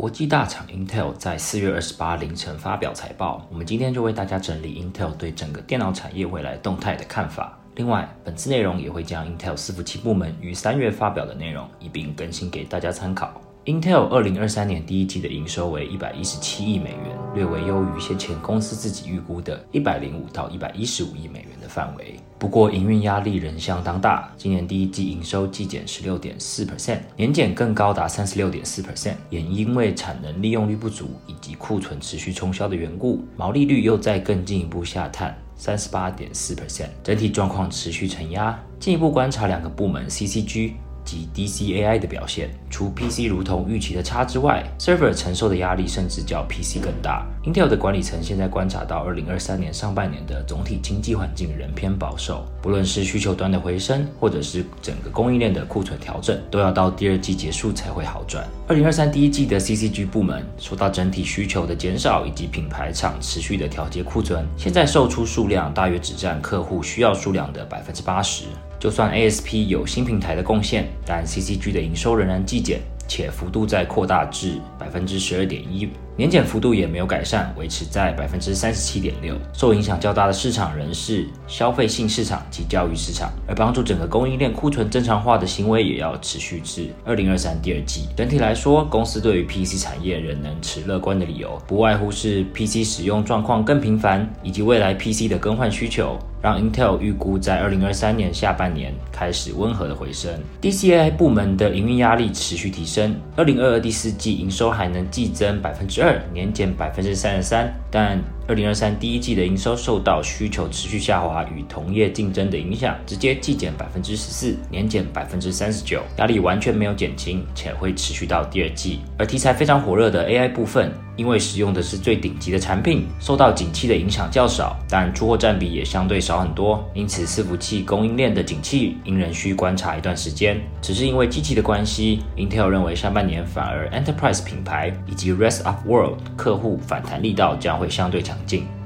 國際大廠 Intel 在四月二十八凌晨發表財報，我們今天就為大家整理 Intel 對整個電腦產業未來動態的看法。另外，本次內容也會將 Intel 伺服器部門於三月發表的內容一併更新給大家參考。Intel 二零二三年第一季的營收為一百一十七億美元，略為優於先前公司自己預估的一百零五到一百一十五億美元的範圍。不過，營運壓力仍相當大。今年第一季營收季減十六點四 percent，年減更高達三十六點四 percent。也因為產能利用率不足以及庫存持續沖銷的緣故，毛利率又再更進一步下探三十八點四 percent，整體狀況持續承壓。進一步觀察兩個部門 C C G。CCG，及 DCAI 的表現，除 PC 如同預期的差之外，Server 承受的壓力甚至較 PC 更大。Intel 的管理層現在觀察到，2023年上半年的總體經濟環境仍偏保守，不論是需求端的回升，或者是整個供應鏈的庫存調整，都要到第二季結束才會好轉。2023第一季的 CCG 部門受到整體需求的減少，以及品牌廠持續的調節庫存，現在售出數量大約只佔客戶需要數量的百分之八十。就算 ASP 有新平台的貢獻，但 CCG 的營收仍然季減，且幅度在擴大至百分之十二點一，年減幅度也沒有改善，維持在百分之三十七點六。受影響較大的市場仍是消費性市場及教育市場，而幫助整個供應鏈庫存正常化的行為也要持續至二零二三第二季。整體來說，公司對於 PC 產業仍能持樂觀的理由，不外乎是 PC 使用狀況更頻繁，以及未來 PC 的更換需求。讓 Intel 預估在2023年下半年開始溫和的回升。DCAI 部門的營運壓力持續提升，2022第四季營收還能季增百分之二，年減百分之三十三，但，二零二三第一季的營收受到需求持續下滑與同業競爭的影響，直接季減百分之十四，年減百分之三十九，壓力完全沒有減輕，且會持續到第二季。而題材非常火熱的 AI 部分，因為使用的是最頂級的產品，受到景氣的影響較少，但出貨佔比也相對少很多，因此伺服器供應鏈的景氣應仍需觀察一段時間。只是因為機器的關係，Intel 認為下半年反而 Enterprise 品牌以及 Rest of World 客戶反彈力道將會相對強。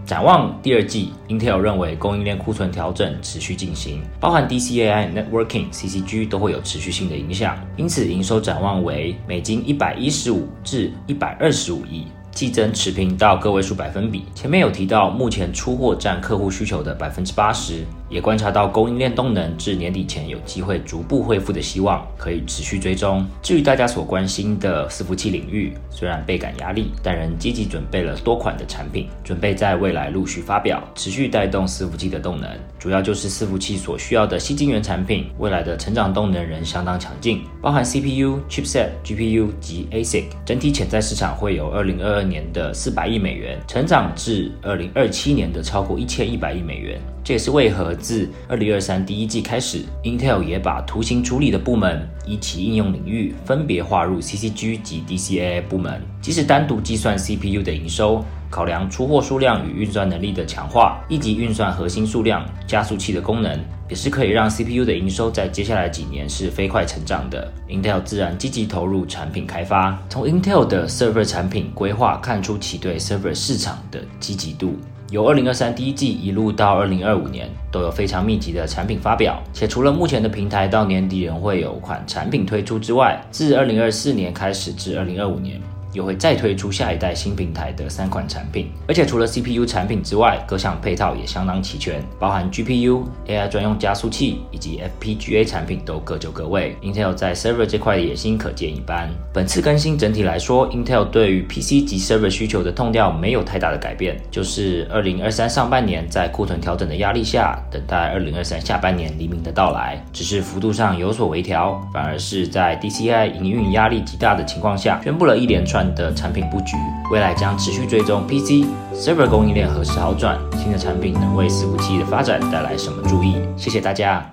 展望第二季，Intel 認為供應鏈庫存調整持續進行，包含 DCAI、Networking、CCG 都會有持續性的影響，因此營收展望為美金一百一十五至一百二十五億，季增持平到個位數百分比。前面有提到，目前出貨占客戶需求的百分之八十。也觀察到供應鏈動能至年底前有機會逐步恢復的希望，可以持續追蹤。至於大家所關心的伺服器領域，雖然倍感壓力，但仍積極準備了多款的產品，準備在未來陸續發表，持續帶動伺服器的動能。主要就是伺服器所需要的矽晶元產品，未來的成長動能仍相當強勁，包含 CPU、Chipset、GPU 及 ASIC，整體潛在市場會由二零二二年的四百億美元，成長至二零二七年的超過一千一百億美元。這也是為何自二零二三第一季開始，Intel 也把圖形處理的部門以及應用領域分別劃入 CCG 及 DCAI 部門。即使單獨計算 CPU 的營收，考量出貨數量與運算能力的強化，以及運算核心數量、加速器的功能，也是可以讓 CPU 的營收在接下來幾年是飛快成長的。Intel 自然積極投入產品開發，從 Intel 的 Server 產品規劃看出其對 Server 市場的積極度。由二零二三第一季一路到二零二五年，都有非常密集的產品發表，且除了目前的平台到年底仍會有款產品推出之外，自二零二四年開始至二零二五年，又會再推出下一代新平台的三款產品，而且除了 CPU 產品之外，各項配套也相當齊全，包含 GPU、AI 專用加速器以及 FPGA 產品都各就各位。Intel 在 Server 這塊的野心可見一斑。本次更新整體來說，Intel 對於 PC 級 Server 需求的痛調沒有太大的改變，就是2023上半年在庫存調整的壓力下，等待2023下半年黎明的到來，只是幅度上有所微調，反而是在 DCI 營運壓力極大的情況下，宣布了一連串的產品佈局，未來將持續追蹤 PC、Server 供應鏈何時好轉，新的產品能為伺服器的發展帶來什麼注意？謝謝大家。